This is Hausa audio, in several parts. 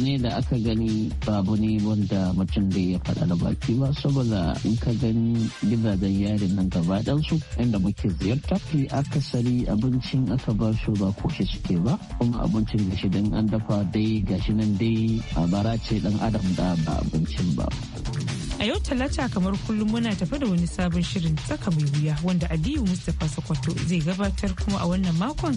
ne da aka gani babu ne wanda mutum da ya faɗa da baki ba saboda in ka gani gidajen yari nan gaba ɗansu inda muke ziyarta fi akasari abincin aka ba su ba koshi suke ba kuma abincin gashi don an dafa dai gashi nan dai a bara ce dan adam da ba abincin ba. A yau talata kamar kullum muna tafi da wani sabon shirin saka mai wuya wanda Aliyu Mustapha Sokoto zai gabatar kuma a wannan makon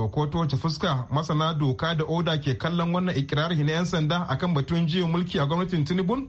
wato ko ta wace fuska masana doka da oda ke kallon wannan ikirari na 'yan sanda akan batun jiyo mulki a gwamnatin Tinubu?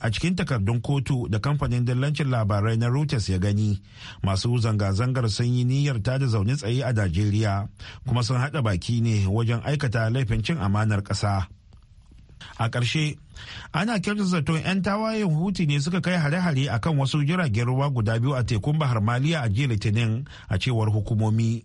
a cikin takardun kotu da kamfanin dillancin labarai na reuters ya gani masu zanga-zangar sun yi niyyar ta da zaune tsaye a najeriya kuma sun haɗa baki ne wajen aikata laifin cin amanar ƙasa a ƙarshe ana kyautata zaton 'yan tawayen huti ne suka kai hare-hare a kan wasu jiragen ruwa guda biyu a tekun bahar maliya a jiya litinin a cewar hukumomi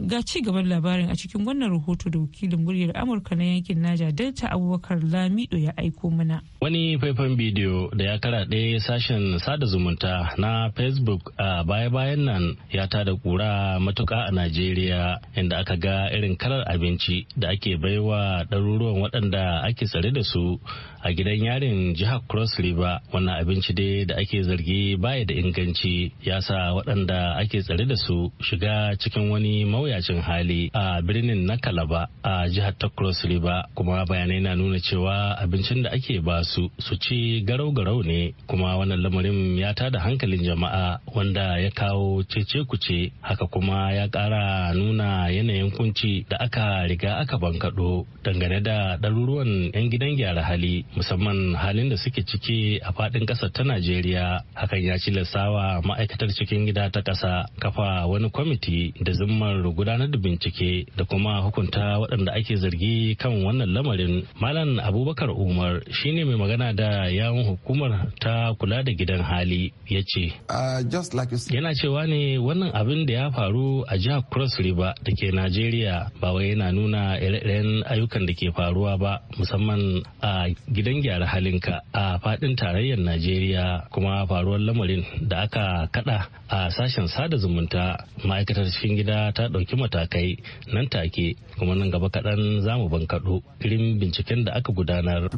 Ga ci gaban labarin a cikin wannan rahoto da wakilin muryar Amurka na yankin Naja Delta Abubakar Lamido ya aiko mana. Wani faifan bidiyo da ya kara karaɗe sashen sada zumunta na Facebook a baya-bayan nan ya tada kura matuka a Najeriya inda aka ga irin kalar abinci da ake baiwa ɗaruruwan waɗanda ake tsare da su a gidan yarin jihar cross river wannan abinci dai da ake zargi baya da inganci ya sa waɗanda ake tsare da su shiga cikin wani mawuyacin hali a birnin na kalaba a jihar ta cross river kuma bayanai na nuna cewa abincin da ake ba su su ci garau-garau ne kuma wannan lamarin ya tada hankalin jama'a wanda ya kawo cece kuce haka kuma ya ƙara nuna yanayin kunci da aka riga aka bankaɗo dangane da ɗaruruwan 'yan gidan gyara hali musamman halin da suke ciki a fadin kasar ta najeriya hakan ya ci lasawa ma'aikatar cikin gida ta kasa kafa wani kwamiti da zimmar gudanar da bincike da kuma hukunta waɗanda ake zargi kan wannan lamarin malam abubakar umar shine mai magana da yawun hukumar ta kula da gidan hali ya ce uh, yana cewa ne wannan abin da ya faru a jihar cross river da ke najeriya ba wai yana nuna ire-iren ayyukan da ke faruwa ba musamman a gidan gyara halinka a fadin tarayyar najeriya kuma faruwar lamarin da aka kada a sashen sada zumunta ma'aikatar cikin gida ta ɗauki matakai nan take kuma nan gaba kaɗan zamu mu bankaɗo irin binciken da aka gudanar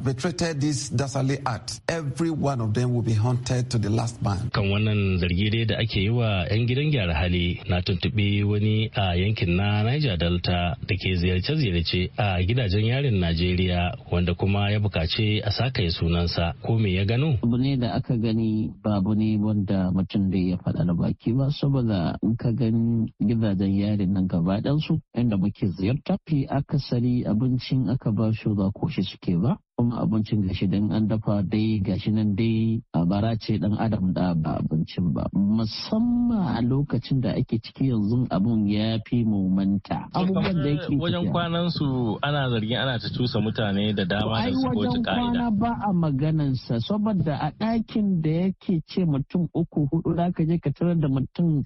kan wannan zargi dai da ake yi wa 'yan gidan gyara hali na tuntuɓi wani a yankin na niger delta da ke ziyarce-ziyarce a gidajen yarin najeriya wanda kuma ya bukaci a sakaye sunansa ko me ya gano? Abu ne da aka gani babu ne wanda mutum da ya faɗa da baki ba saboda in ka gani gidajen yarin nan gaba ɗansu inda muke ziyarta fi akasari abincin aka ba shi ba shi suke ba kuma abincin gashi dan an dafa dai gashi nan dai a bara ce dan adam da ba abincin ba musamman a lokacin da ake ciki yanzu abun ya fi mumanta abubuwan da yake wajen kwanan su ana zargin ana ta tusa mutane da dama da su wajen kwana ba a maganan sa saboda a ɗakin da yake ce mutum uku hudu zaka je ka tarar da mutum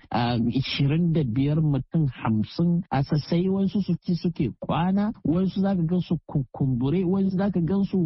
ishirin da biyar mutum hamsin a sassai wasu su ci suke kwana wasu zaka gan su kumbure wasu zaka gan su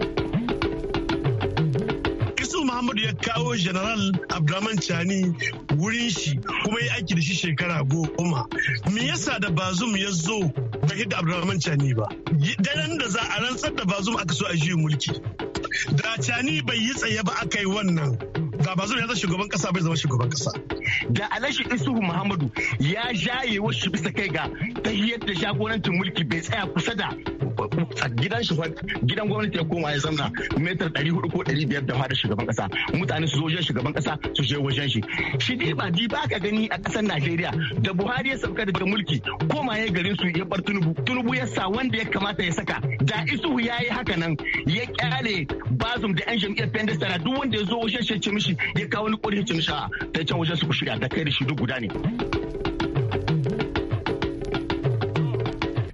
Muhammadu ya kawo General Abdulrahman Chani wurin shi kuma ya aiki da shi shekara goma. Me yasa da Bazum ya zo ba hidda Abdulrahman Chani ba? Daren da za a rantsar da Bazum aka so a juyin mulki. Da Chani bai yi tsaye ba aka yi wannan. Da Bazum ya zama shugaban kasa bai zama shugaban kasa. Da Alhaji Isuhu Muhammadu ya jaye wasu bisa kai ga ta yadda jagorancin mulki bai tsaya kusa da a gidan shi gidan gwamnati ya koma ya zamna metar 400 ko 500 da fada shugaban kasa mutane su zo wajen shugaban kasa su je wajen shi shi dai ba di baka gani a kasar Najeriya da Buhari ya sauka daga mulki koma ya garin su ya bar Tunubu Tunubu ya sa wanda ya kamata ya saka da ya yi haka nan ya kyale Bazum da yan jam'iyyar Pendestara duk wanda ya zo wajen shi ya ce mishi ya kawo ni kuri ya ce mishi a ta can wajen su ku shirya da kai da shi duk guda ne.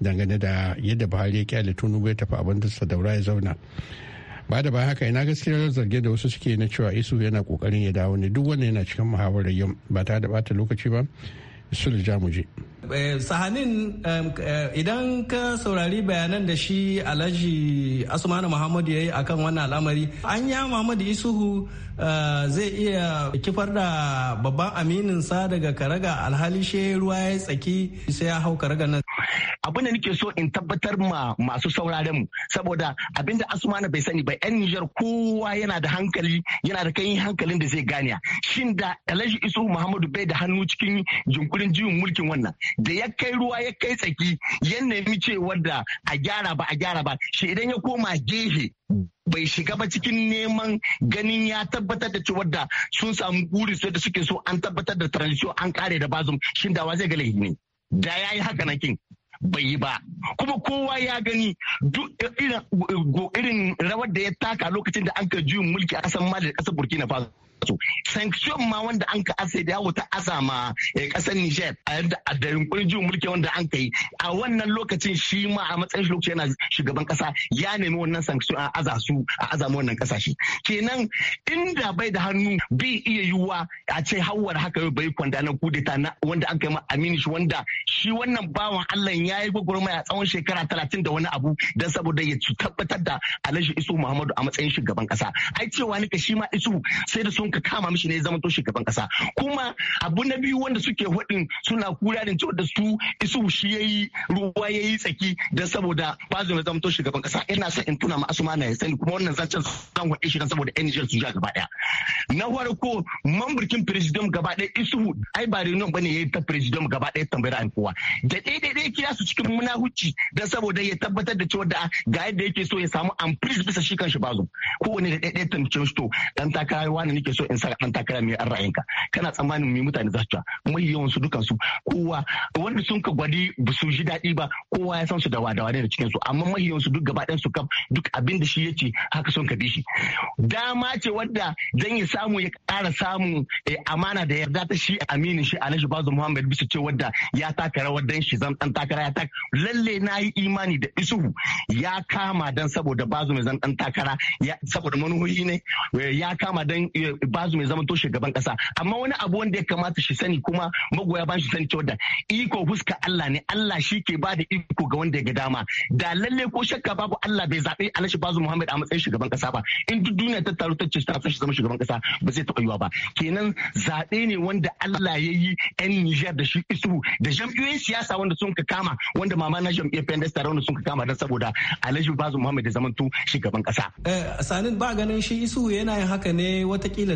dangane da yadda buhari ya kyale tunubu ya tafi abin da daura ya zauna ba da ba haka ina gaskiyar zarge da wasu suke na cewa isu yana kokarin ya dawo ne duk wanda yana cikin muhawarar yau ba ta da bata lokaci ba sulja muje. je Eh, sahanin eh, idan ka saurari bayanan da shi alhaji asmanu muhammadu ya yi akan wannan al'amari an ya muhammadu isuhu eh, zai iya kifar da babban amininsa daga karaga alhali she ruwa ya tsaki sai ya hau karaga nan abin da nake so in tabbatar ma masu sauraron mu saboda da asmanu bai sani ba yan nijar kowa yana da hankali yana da kai hankalin da zai gane shin da alhaji isuhu muhammadu bai da hannu cikin jinkurin jiwon mulkin wannan da ya kai ruwa ya kai tsaki ya nemi cewar da a gyara ba a gyara ba shi idan ya koma gehe bai shiga ba cikin neman ganin ya tabbatar da cewar da sun samu guri su da suke so an tabbatar da transition an kare da bazum shin dawa zai ga ne da ya yi haka nakin bai yi ba kuma kowa ya gani duk irin rawar da ya taka lokacin da an ka juyin mulki a kasan mali da kasar burkina faso sanction ma wanda an ka ase da yawo ta azama kasar eh, Niger a yadda da yunkurin mulki wanda an kai a wannan lokacin shi ma a matsayin shi lokacin yana shugaban kasa ya nemi wannan sanction a aza su a azama wannan kasashe kenan inda bai da hannu bi iya yiwuwa a ce hawar haka yau bai kwanda na kudeta na wanda an kai ma Aminu shi wanda shi wannan bawan Allah ya yi gwagwarmaya tsawon shekara talatin da wani abu don saboda ya tabbatar da Alhaji Isu Muhammadu a matsayin shugaban kasa ai cewa nika shi ma Isu sai da sun sun ka kama mishi ne zama to shugaban kasa kuma abu na biyu wanda suke hudin suna kura da cewa da su isu shi yayi ruwa yayi tsaki da saboda bazin zama to shugaban kasa ina sa in tuna ma asuma na sani kuma wannan zancen zan hudin shi saboda yan Niger su ja gaba daya na farko mamburkin president gaba daya isu ai ba reunion bane yayi ta president gaba daya tambayar an kowa da dai dai kira su cikin munahuci da saboda ya tabbatar da cewa da ga yadda yake so ya samu amprise bisa shi kanshi bazo kowane da dai tantance shi to dan takarawa ne nake so in sa dan takara mai an ra'ayinka kana tsammanin mai mutane za su ta mai yawan su dukan kowa wanda sun ka gwadi ba su ji daɗi ba kowa ya san su da wada da cikin su amma mai yawan su duk gaba ɗayan su kam duk abin da shi yace haka sun ka bi shi dama ce wadda dan ya samu ya ƙara samu eh, amana da yarda ta shi aminin shi nashi bazu Muhammad bisa ce wadda ya taka rawar dan shi zan dan takara ya taka lalle na yi imani da isuhu ya kama dan saboda bazu mai zan dan takara saboda manuhoyi ne eh, ya kama dan eh, bazu mai zaman zamanto shugaban kasa amma wani abu wanda ya kamata shi sani kuma magoya ban shi sani cewa da iko huska Allah ne Allah shi ke ba da iko ga wanda ya ga dama da lalle ko shakka babu Allah bai zabe Alhaji Bazu Muhammad a matsayin shugaban kasa ba in duk duniya ta taru ta ce ta san shi zama shugaban kasa ba zai taɓa yiwa ba kenan zabe ne wanda Allah ya yi ɗan Niger da shi isu da jam'iyyoyin siyasa wanda sun ka kama wanda mama na jam'iyyar PNDS tare wanda sun ka kama dan saboda Alhaji Bazu Muhammad ya to shugaban kasa. eh Sanin ba ganin shi isu yana yin haka ne watakila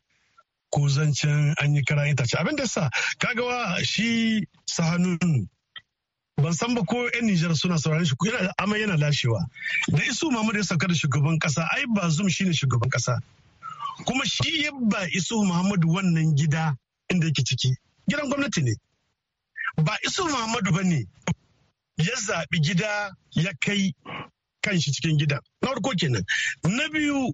ko zancen an yi kara itace abin da kaga kagawa shi sahanun ban san ba ko yan Nijar suna sauraron shi kuma amma yana lashewa da isu Muhammad ya sauka da shugaban kasa ai ba zum shine shugaban kasa kuma shi ya ba isu Muhammad wannan gida inda yake ciki gidan gwamnati ne ba isu Muhammadu ba ne ya zaɓi gida ya kai kan shi cikin gida na farko kenan na biyu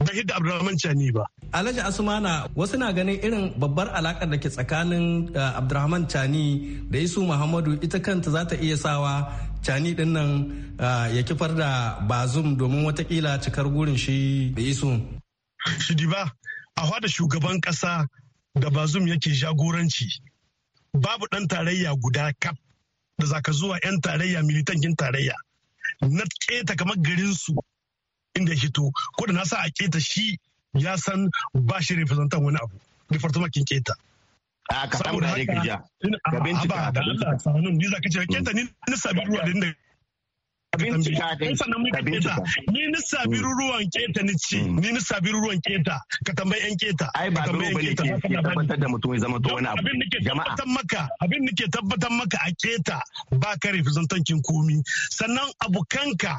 ban hidda chani ba alhaji asumana wasu na ganin irin babbar alakar da ke tsakanin eh, abdurrahman chani da isu muhammadu ita kanta za ta iya sawa cani din nan eh, ya kifar da bazum domin watakila cikar gurin shi da isu shidi ba a hada shugaban kasa da bazum yake jagoranci babu dan tarayya guda kap da zaka zuwa yan tarayya militankin tarayya na keta kamar garinsu inda ya hito ko da na sa a keta shi ya san ba shi representan wani abu department kin keta a ka samu da ka ja ka bincika da Allah sanin ni za ka ce keta ni na sabi ruwa da inda bincika ni ni sabi mm. ruwan keta ni ci mm. ni ni sabi ruwan keta ka tambayi yan keta ai ba dole bane ke tabbatar da mutum ya zama to wani abu jama'a abin maka abin nake tabbatar maka a keta ba ka representan kin komi sannan abokanka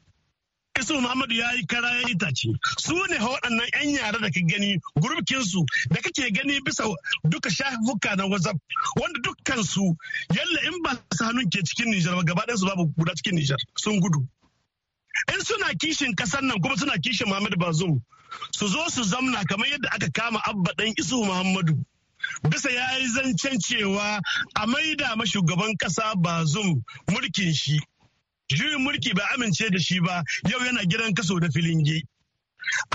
Isu Muhammadu ya yi kara ya yi itace su ne waɗannan 'yan yara da ka gani gurbikinsu da kake gani bisa duka shafuka na wazaf wanda dukkansu yalla in ba su hannun ke cikin Nijar ba gaba su babu guda cikin Nijar sun gudu. In suna kishin ƙasar nan kuma suna kishin Muhammadu Bazum su zo su zamna kamar yadda aka kama abba ɗan Isu Muhammadu. bisa ya yi zancen cewa a maida ma shugaban ƙasa bazum mulkin shi juyin mulki bai amince da shi ba yau yana gidan kaso da gi.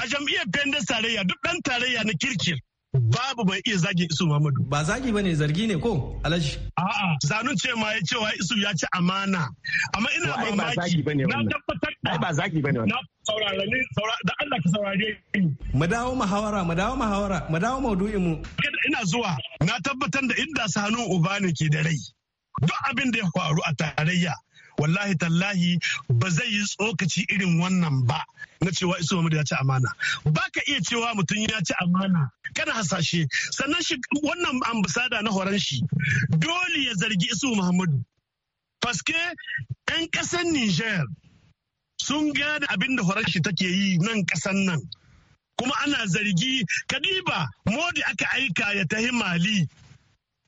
a jam'iyyar pendas tarayya duk ɗan tarayya na kirkir babu bai iya zagi isu Muhammadu. Ba zagi bane zargi ne ko Alhaji? A'a, zanun ce ma ya ce wa isu ya ci amana. Amma ina mamaki na tabbatar da. Ai ba zagi bane wannan. da Allah ka saurare ni. Mu dawo muhawara, mu dawo muhawara, mu dawo maudu'in mu. Ina zuwa na tabbatar da inda sanu uba ne ke da rai. Duk abin da ya faru a tarayya wallahi tallahi ba zai yi tsokaci irin wannan ba na cewa iso mu ya ci amana ba ka iya cewa mutum ya ci amana kana hasashe sannan shi wannan ambasada na horon shi dole ya zargi iso muhammadu faske 'yan kasan niger sun gane abin da horon shi take yi nan kasan nan kuma ana zargi kadiba modi aka aika ya tahi mali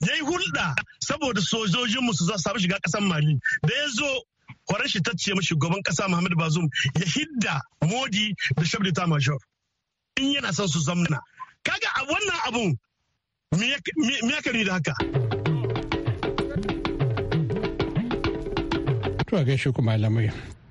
ya yi hulɗa saboda sojojinmu su samu shiga ƙasar mali da ya zo kwaran shi tacce mashi gaban ƙasa muhammad bazum ya hidda modi da shabda ta major in yana son su zamna kaga a wannan abun me ya kari da haka to gaishe kuma malamai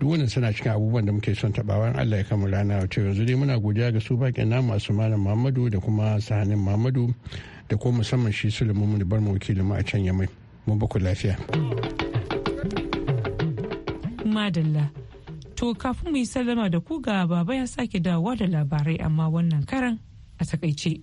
duk suna cikin abubuwan da muke son tabawan Allah ya kama rana wato yanzu dai muna godiya ga su baƙin na masu malam Muhammadu da kuma sahanin Muhammadu da kuma musamman shi Sulaiman mu bar mu wakili mu a can Yamai mun ba ku lafiya madalla to kafin mu yi sallama da ku ga baba ya sake dawowa da labarai amma wannan karan a takaice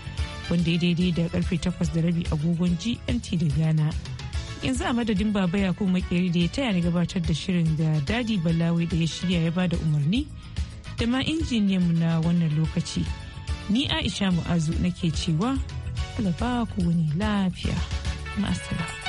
wanda ya daidai da karfe takwas da rabi agogon GMT da Ghana. Yanzu a madadin Baba Yakub Makeri da ya taya ni gabatar da shirin da Dadi Balawi da ya shirya ya bada umarni da ma injiniyan mu na wannan lokaci. Ni Aisha Mu'azu nake cewa, Allah ba ku wani lafiya. Ma'asala.